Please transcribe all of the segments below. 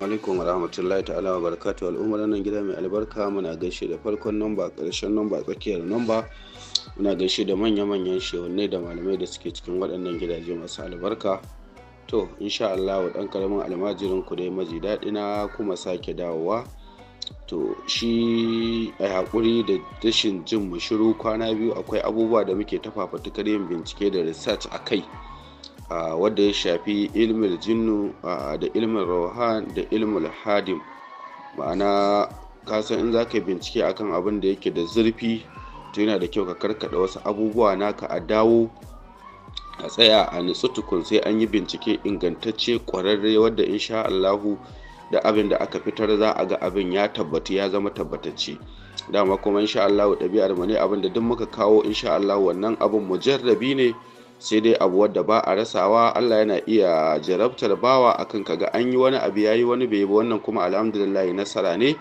alaikum warahmatullahi ta'ala wa barakatuhu al'ummar nan gida mai albarka muna gaishe da farkon namba karshen namba tsakiyar namba muna gaishe da manya-manyan shehunai da malamai da suke cikin waɗannan gidaje masu albarka to insha Allah wa ɗan karamin almajirin ku dai maji daɗi na kuma sake dawowa to shi a haƙuri da rashin jin mu shiru kwana biyu akwai abubuwa da muke tafafa yin bincike da research a kai wadda ya shafi ilmul jinnu da ilmul rohan da ilmul hadim ma'ana kasan in za ka bincike akan abin da yake da zurfi to yana da kyau ka karkada wasu abubuwa na ka a dawo a tsaya a nutsu tukun sai an yi bincike ingantacce kwararre wadda insha Allahu da abin da aka fitar za a ga abin ya tabbatu ya zama tabbatacce dama kuma insha Allahu ɗabi'ar mu ne abin da duk muka kawo insha Allahu wannan abin mujarrabi ne sai dai abu wadda ba a rasawa Allah yana iya jarabtar bawa akan kaga an yi wani abu yayi wani bai yi wannan kuma alhamdulillah nasara ne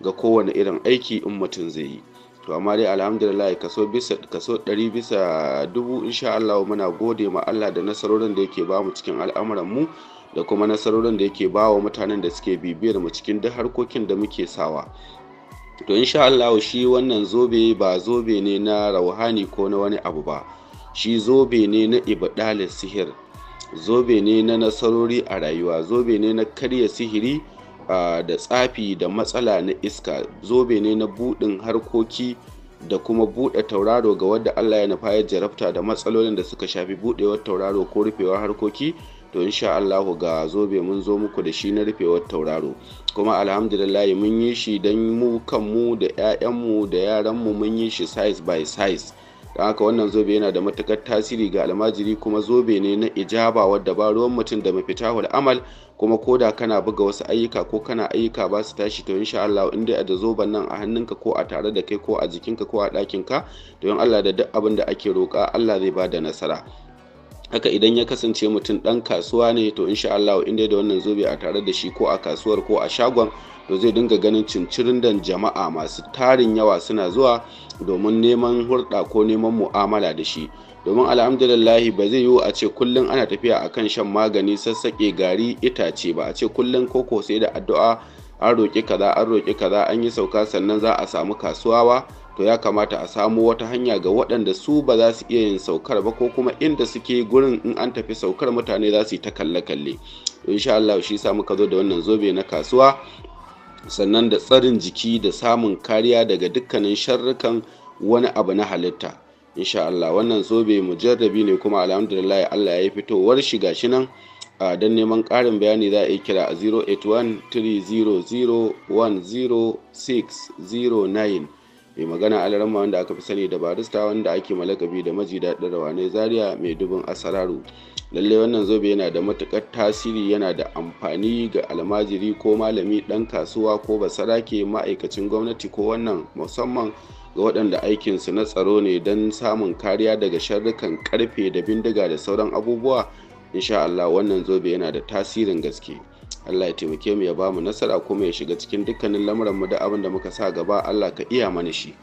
ga kowane irin aiki in mutum zai yi to amma dai alhamdulillah kaso bisa kaso 100 bisa dubu insha Allah muna gode ma Allah da nasarorin da yake bamu cikin al'amuran mu da kuma nasarorin da yake bawa mutanen da suke bibiyar mu cikin duk harkokin da muke sawa to insha Allah shi wannan zobe ba zobe ne na rauhani ko na wani abu ba shi zobe ne na ibadalar sihir zobe ne na nasarori a rayuwa zobe ne na karya sihiri da tsafi da matsala na iska zobe ne na buɗin harkoki da kuma buɗe tauraro ga wadda Allah ya nufa ya jarabta da matsalolin da suka shafi buɗewar tauraro ko rufewar harkoki to insha Allah ga zobe mun zo muku da shi na rufewar tauraro kuma alhamdulillah mun yi shi don mu kanmu da 'ya'yanmu da yaranmu mun yi shi size by size don haka wannan zobe yana da matukar tasiri ga almajiri kuma zobe ne na ijaba wadda ba ruwan mutum da mafitahul amal kuma ko da kana buga wasu ayyuka ko kana ayyuka ba su tashi to insha Allah in dai da zoben nan a hannunka ko a tare da kai ko a jikinka ko a ɗakinka to in Allah da duk abin da ake roƙa Allah zai ba da nasara haka idan ya kasance mutum dan kasuwa ne to insha Allah inda da wannan zobe a tare da shi ko a kasuwar ko a shagon to zai dinga ganin dan jama'a masu tarin yawa suna zuwa domin neman hurɗa ko neman mu'amala da shi domin alhamdulillahi ba zai yiwu a ce kullum ana tafiya akan shan magani sassaƙe gari itace ba a ce kullum koko sai da addu'a an roƙi kaza an roƙi kaza an yi sauka sannan za a samu kasuwa ba to ya kamata a samo wata hanya ga waɗanda su ba za su iya yin saukar ba ko kuma inda suke gurin in an tafi saukar mutane za su yi ta kalle-kalle insha Allah shi sa muka zo da wannan zobe na kasuwa sannan da tsarin jiki da samun kariya daga dukkanin sharrukan wani abu na halitta insha Allah wannan zobe mujarrabi ne kuma alhamdulillah Allah ya yi fitowar shi gashi nan a don neman ƙarin bayani za a yi kira a 081 300 10609 mai magana alarama wanda aka fi sani da barista wanda ake malakabi da maji daɗin rawanai zaria mai dubin asararu lalle wannan zobe yana da matuƙar tasiri yana da amfani ga almajiri ko malami ɗan kasuwa ko basarake ma'aikacin gwamnati ko wannan musamman ga waɗanda aikinsu na tsaro ne don samun kariya daga sharrukan karfe da bindiga da sauran abubuwa insha wannan zobe yana da tasirin gaske Allah ya taimake mu ya ba mu nasara kuma ya shiga cikin dukkanin mu da abin da muka sa gaba Allah ka iya mana shi